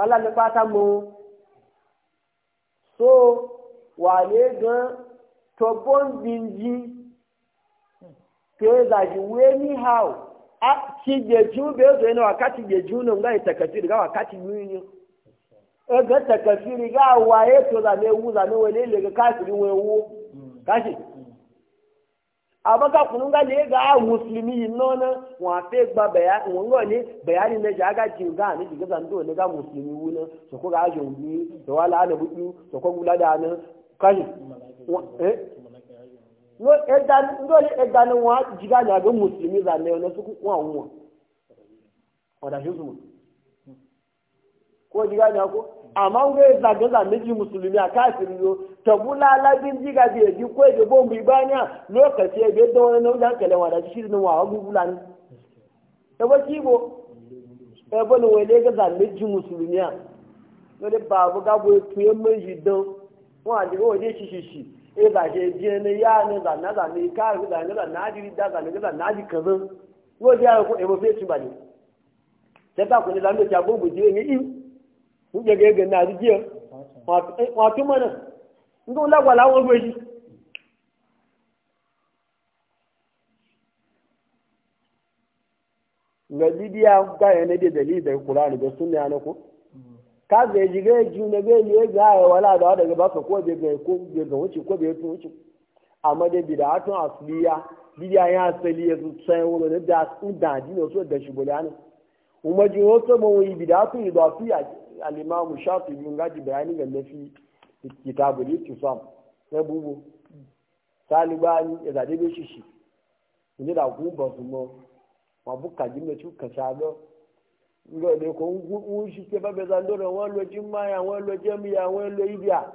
lan ne mu so wale ga tobon binji ke za ji weni how a ci je ju be zo ne wakati je ju no ga itakati ga wakati yuni ga takafiri ga waye to zane wu zane wale le ga kafiri we wu kashi abaka kunun ga le ga muslimi nona wa fe gba baya won ngo ni bayani ne ja ga ji ga ni ga zan do ne ga musulmi wu na so ko ga jo ni to wala ana butu so ko gula da na kashi eh no edan ngo le edan wa jiga na ga muslimi zane wona su ku wa wu wa da juzu ko ji gane ko amma ga zaga za miji musulmi a kafin yo tabula labin jiga bai ji ko da bombi ibaniya lokaci bai da wani nauyi hankali wa da shirin wa gugula ne da ba kibo e bani wale ga za miji musulmi a wani babu gabo tuyen mai shi don wa da waje shi shi shi e ba shi je ne ya ne za na za ne ka za ne za na ji da za ne za na ji kazan wajen ya ko e ba fe ci ba ne ta ta ku ne lamu ta bombi je ne in níjẹ gẹ́gẹ́ náà àti díẹ̀ wọn àti mọ́nà nígbà wọn lágbà láwọn ọgbẹ́ yìí. ga ga daga Qur'ani da sunna ko ka ga ji ga ji ne ga ne ga ya wala da daga ba ko ko ga ko ga wuce ko ga wuce amma da bid'atun asliya bidiya ya asali ya da su da so da alimamu shafi biyun gaji bayani ga nafi kitabu da yake sam na bubu talibani ya zaɗe bai shi shi ne da ku ba su mo ma buka jimla cuka shago ngo ne ko un shi ke ba be zando ran wan lo jimma ya wan lo jami ya wan lo ibia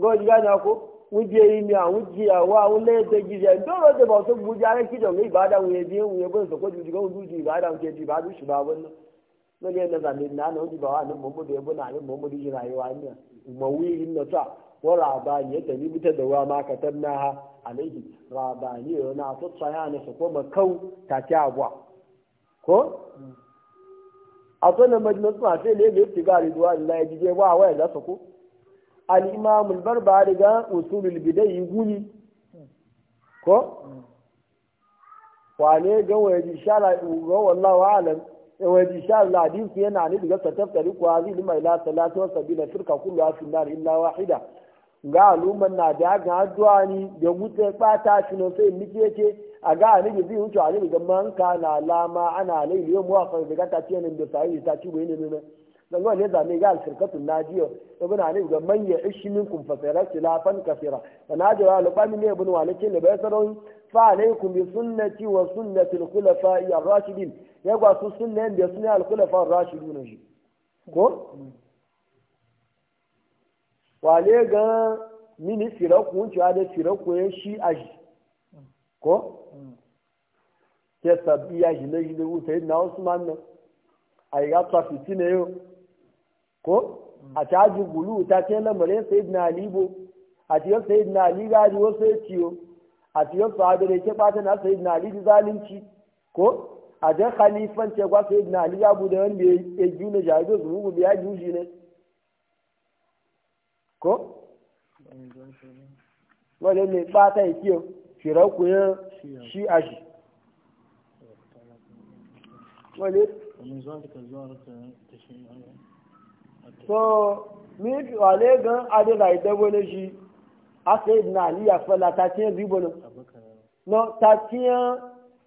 ngo na ko un je yi mi awun ji awa wa le te ji je ndo ro de ba so bu ja re ki jo ngi ibada un ya bi un ye bo so ko ju ji ko ju ibada un ke ji ba du shi ba won no wani yana zane na na wani ba wani mamu da yabo na ne ta ta da ko mm. wane ga alam bi sha Allah hadisi yana ne daga sataftari ko azili mai la salatu wa sabila firka kullu asin nar illa wahida ga aluman na da ga addu'a ni da wuce bata shi ne, sai nike ce a ga ani bi wuce ani ga man kana lama ana laili yau mu akan daga ta ce ne da sai ta ci bai ne ne zango ne zame ga alshirkatun najiyo ibn ali ga man ya ishi kun fa sayara kafira fa sanaji wa qami ne ibn ce ne bai saron fa alaikum bi sunnati wa sunnati al khulafa ar rashidin ya gwa su sunna ne sunna al khulafa ar rashidun shi ko wale ga mini firaku ci da siraku ya shi aji ko ke sabbi ya shi ne shi ne wuta na usman nan a yi ga tsafi ne yau ko a caji gulu ta ce lamarin sai na alibo a ciyar sai na ali ji wasu ya ciyo a ciyar sahabi da ke ɓata na sai na ali zalunci ko a jan khalifan ce kwa sai na ali ya da wanda ya ji na jahido su mugu biya uji ne ko mai fata ya ciyo kuyan shi a shi so mi wale gan ade da ide wele shi a se na aliya fela ta tiyan ribo na ta tiyan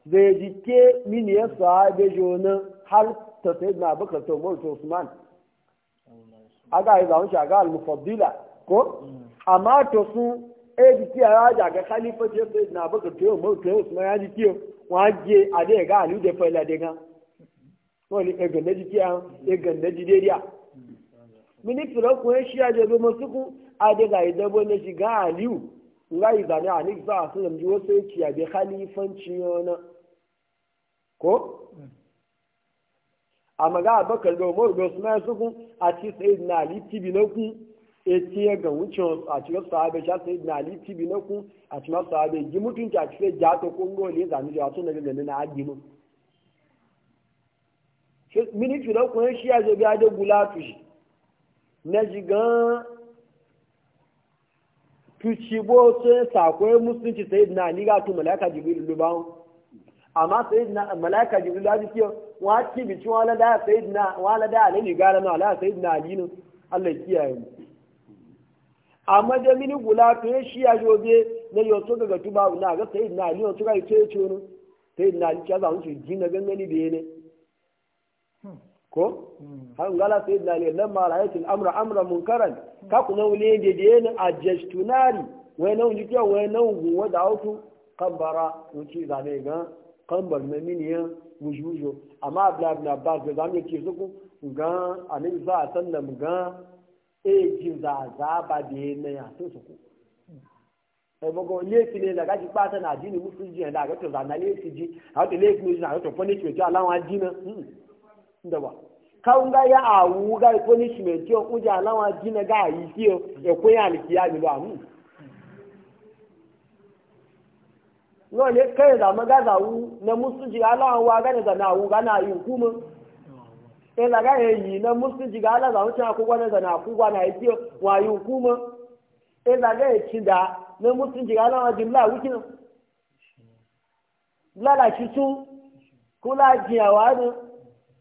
zai jike mini ya sa da jona har ta sai na baka to to aga ai zawon shi aga al mufaddila ko amma to sun e jike ara da ga khalifa ce sai to gan ministan kun shi ya jabe masu ku a daga idan wani shiga aliyu nga izani ani za a sunan ji wasu ya ciya bi khalifanci yana ko a maga abakar da umaru da usman su na ali tibi na kun e tiye ga wucin a ci wasu sahabe sha na ali tibi na kun a ci wasu sahabe ji mutunci a ci sai ja ta kun gole zani jawa na shi gulatu na jigan tucibo sun sakwai musulunci saidina na ni ga tu malaka jibril lubawo amma sai na malaka jibril da jikiyo wa ci bi cewa la da sai na wa la da ne ni gara na la sai na ali ne Allah kiyaye mu amma da mini gula to ya shi ya jobe na yo to daga tuba na ga sai na ali to ga ce ce ne sai na ali ka za mu ji na gangani da ne hmm. ko hmm. har ngala sai da ne nan ma ra'aytu al-amra amra munkaran ka ku nan ne da da ne ajastunari wai nan ji ta wai nan gu wa da autu kambara mun ci da ne ga kambar ne min ya wujujo amma abla ibn abbas e da zamu ci su ku ga a san nan ga e ji za za ba da ne ya su su ku sai bago lefi ne da ji ba ta na dini musulunci da ga to lefi ji a to lefi ne na to punish to alawan dinin da ba kawun ga ya awu ga punishment yo uja alawa jina ga yi ekwe o e ko ya liki ya mi lo amu no le kai da maga za wu na musuji alawa wa ga da na wu ga na yi hukuma e la ga e yi na musuji ga ala za wuce akwụkwọ na na akwụkwọ na yi ti o wa yi hukuma e la ga yi e da na musuji ga alawa jimla wuce lala shi su kula jiyawa ne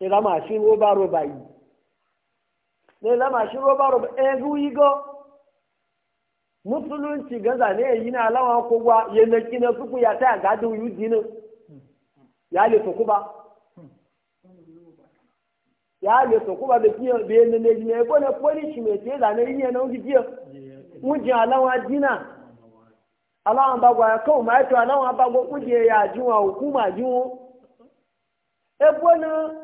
ne la machine roba roba yi ne la machine roba roba egu eh, yi go musulunci gaza ne yi na alawa kowa ya na suku ya ta gadin yu dinin ya le to ba ya le to ba da kiyo da ne ne ne ko ne police me te da ne yi na ungi kiyo mun ji alawa dina alawa ba gwa ko ma to alawa ba gwa kuje ya jiwa hukuma jiwo e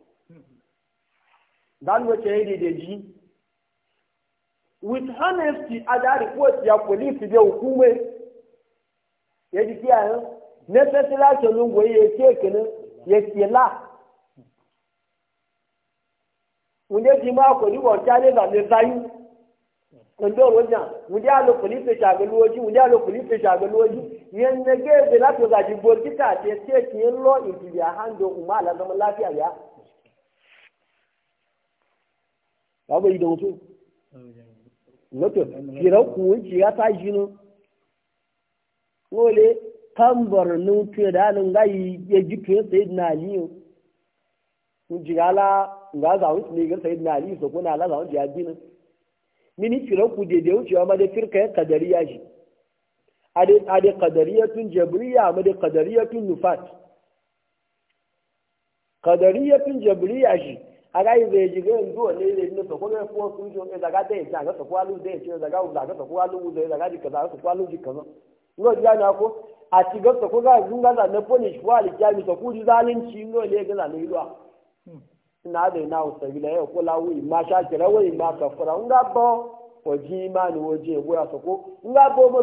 dan wace ya daidaiji with honesty a da report ya police bai hukume ya ji kiyaye na tattala ke lungoyi ya ce kinin ya ke la wunde ti ma ko liwo chale ba le bayu ndo roja wunde a lo police cha ga luoji wunde a lo police cha ga luoji yen ne ge de la to ga ji bo ti te te ti lo in ti hando umala zama lafiya ya babu bai da mutu mutu kiran kuwunci ya ta shi no wale tambar nuke da nan gayi ya ji tuye sayid na aliyu kun ji ala ga zawun su ne ga sayid na aliyu so kuna ala zawun jiya binin mini kiran ku daidai wucewa ma da firka ya kadariya shi a da kadariyatun jabriya ma da kadariyatun nufat kadariyatun jabriya shi agaghị m ejigo ndụ ole ile nne sọkwọ ga fụọ ọkụ ụjọ ịzaga deeti aga sọkwalụ deeti ịzaga ụzọ aga ụzọ aga sọkwalụ jikọta ngo ji anya akwụ ati ga sọkwọ ga zunga za na polish kwa ali kya mi sọkwọ ji zalin ci ngo ole ga na ilu a ina da ina usa bila ya kula wi ma sha kira wi ma nga oji ma ni egbu ya sọkwọ nga bo mo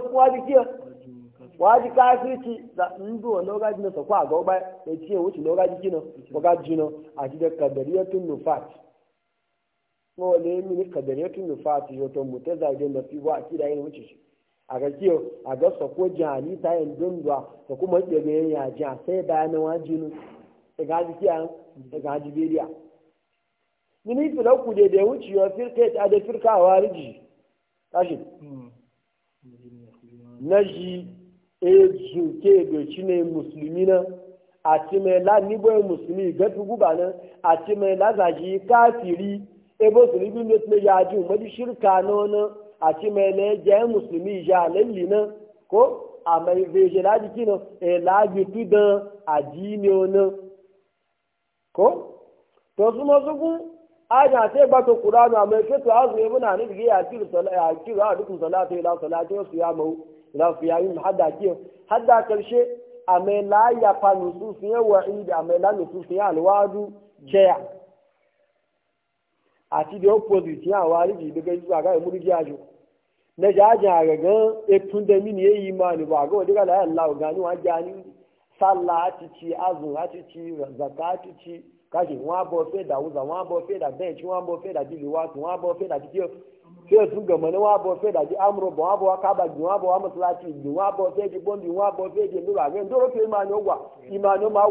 waji kafirci da ndo lokaci na sakwa ga ba ya ce wuce lokaci jino lokaci jino a ji da kadariyatun nufat ko le mini kadariyatun nufat yo to mutaza ga da fiwa a kida yin wuce shi a ga kiyo a ga sako jani ta yin dundwa da kuma kebe ya ji a sai bayanan wajinu da gaji kiyan da gaji bidiya mini filanku da da wuce yo firka ta da firka wariji tashi hmm. Hmm. naji ezu ke doci ne musulmi na a ti mai nibo ya musulmi ga guba na a ti mai la zaji kafiri ebo sulubi ne tun ya shirka na wani a ti mai musulmi ya na ko veje na e da addini ko to su ma su kun aja sai ba to kuranu a mai fito azu ya muna nufi ya kiri salatu ya la za su yayin hadda ke hadda karshe a mai la ya fa nususin a mai la nususin ya alwadu jaya a ti da opposite ya wari ji daga zuwa ga murji ajo na jajin a gagan etun da mini ya yi mani ba ga wadda la Allah gani wa gani sallah ati ci azun ati ci zakka ati ci kashi wọn bọ fẹ da wọn bọ fẹ da bench wọn bọ fẹ da wa tun wọn bọ sai su gama na wabo sai da ji amuro ba wabo ka ba ji wabo amụtala masallaci ji wabo sai ji bombi wabo sai ji nura ga ndoro sai ma nyogwa imano ma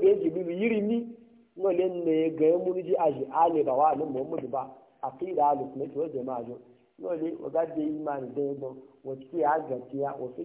eji mi yiri ni no le ga mu ji aji ale ba wa ni muhammadu ba aqida al sunnah wal jamaa jo no le o ga de imani ya bo o ti a ga ti a o se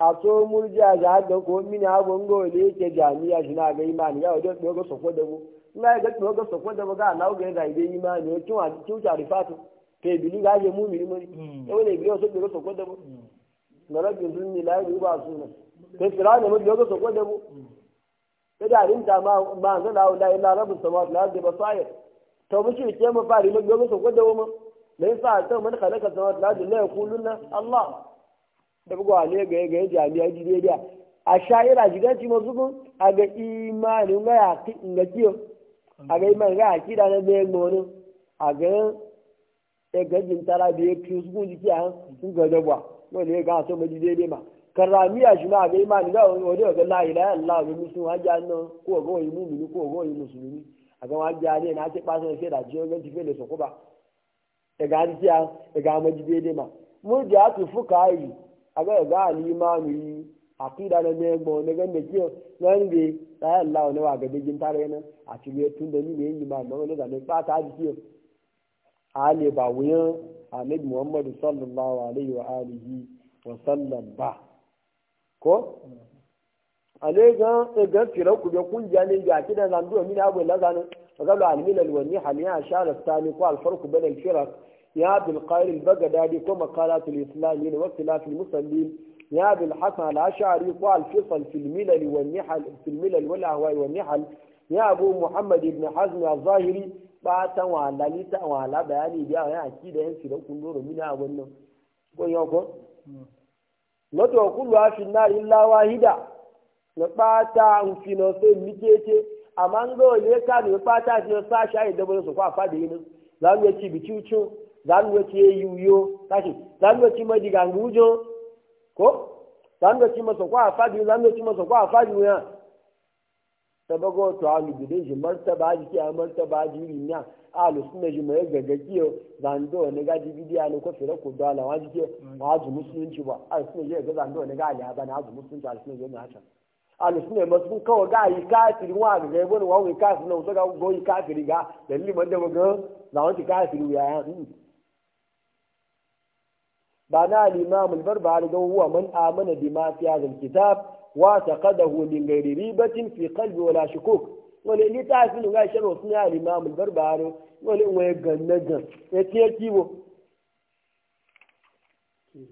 a so a ja da ko mini abun go le yake jami'a shi na ga imani ya wajen dogo sokwa da mu na ga dogo sokwa da mu ga na ga da ide imani o tuwa tuwa rifatu ke bili ga je mu mini mani e wala ibiro so sokwa da mu hmm. na rabbi zunni la ke ne mu sokwa da mu ke da rin ta ma ma ga la ilaha illa rabbus samawati wal ardi basair to mu shi ke mu fari mu dogo sokwa da mu ne sa ta mun khalaqa samawati Allah da buga ne ga ga jami'a jidediya a sha'ira ci a ga imanin ga yaki ga kiyo a ga imanin ga yaki da na bayan gbonin a ga ya tara da ya fi su jiki a sun ga dabwa ya gasa ma jidediya ma karamiya shi ma a ga imanin ga la a na ce e ba sun sai da jiyo fele ga ga ma mu aga ga alimanu yi akida na ne gbo ne ga ne na nan bi sai Allah ne wa ga bijin tare ne a cibe tun da ni ne yi ma na ne ga ne ba ta ji kiyo ale ba wuyan Annabi Muhammad sallallahu alaihi wa alihi wa sallam ba ko ale ga e ga tira ku ga kunja ne ga kidan zan duwa mini abu lazanin ga lo almilal wani haliya shara tani ko alfarku bain alfiraq يا أبي القائل البغدادي كما قالت الإسلاميين واختلاف المسلمين يا أبي الحسن الأشعري قال فصل في الملل والنحل في الملل والأهواء والنحل يا أبو محمد بن حزم الظاهري باتا وعلى لتا وعلى بياني بيا يا أكيد ينسي لو كن نور منها ونو كن يوكو لو كلها في النار إلا واحدة باتا وفينوسي ميتيتي أما نقول لك نباتا في النار شاهد دبنسو سوف أفادي هنا لأنه يتي بتيوتشو zanwaci ya yi yiwuyo tashi zanwaci mai ko zanwaci kwa a fadi zanwaci masa kwa a fadi ya sabago to gide shi martaba aji ki a martaba aji yi nya alu mai gaga kiyo zando ne mm. ga ji bidiya ne ko fira ko dala wa ji ke ma azu musulunci ba alu ga zando ne ga ali na azu musulunci alu ga haka alu suna masu kawo ga yi kafiri wa ga ga na so ga go yi ga man mm. da ga zawon ti kafiri ba na al-imam al-barbahari ga huwa man amana bima fi hadha kitab wa taqadahu min ghairi ribatin fi qalbi wala shukuk wani ni ta fi nuna shi wasu ne al-imam al-barbahari wani wai ganna gan e e e ya tiye kiwo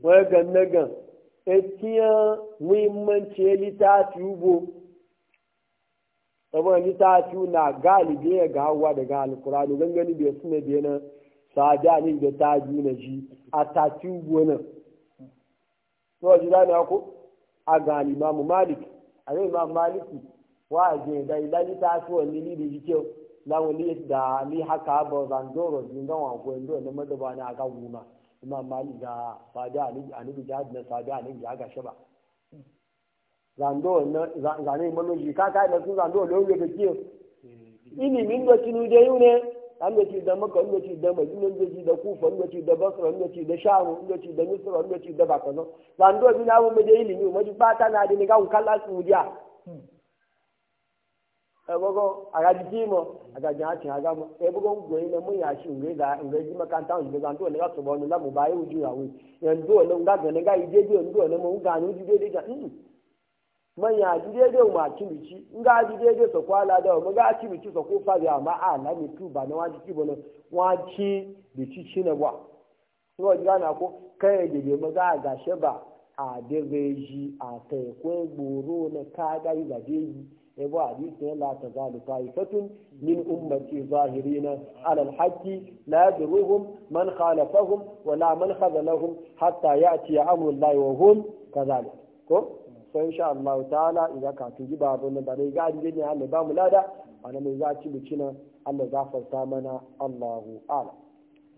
wai ganna gan ya tiye muhimmanci ya littafi ubo saboda littafi na galibi ya ga hawa daga al-qur'ani gangani bai suna bai na sahaja ne da ta juna shi a tafi gona to ji da ko a ga imamu malik a ga imamu maliki wa je da idan ta so ni ni da jike lawo ni da ni haka ba zan doro din ga wa ko ndo da madaba na ga guma imam malik da sahaja ne anibi jihad na ga shaba zando na zane manoji kaka da su zando lo lo da ini min do tinu de yune annaci da maka annaci da madina annaci da kufa annaci da basra annaci da shamu annaci da misra annaci da bakazan zan do bi na mu da ilimi mu ji fata na da ni ga un kala sudiya e bogo aga ji timo aga ja ti aga mo e bogo mu ya shi ngai da ngai ji maka ta ngai zan do ne ga so bo ni la mu ba yi e uju ya wi yan e ne ga ga ne ga ije ji ndo ne ga ni ji de de manya ji daidai ma kimici in ga ji daidai sa kwala da mu ga kimici sa ko fa ya ma a na mi tu ba na wa ji bono wa da ci ci na wa to na ko kai e da be mu ga ga she ba a de ji a kai ko gboro na ka ga yi da ji e ba ji sai la ta za da fatun min ummati zahirina ala alhaqi la yadruhum man khalafahum wala man khadalahum hatta ya'ti amru allahi wa hum kadhalik ko sai insha Allah ta'ala idan ka tuji babu nan da dai ga ajin ne Allah ba mu lada ana mai za ci biki Allah zafarta mana Allahu a'lam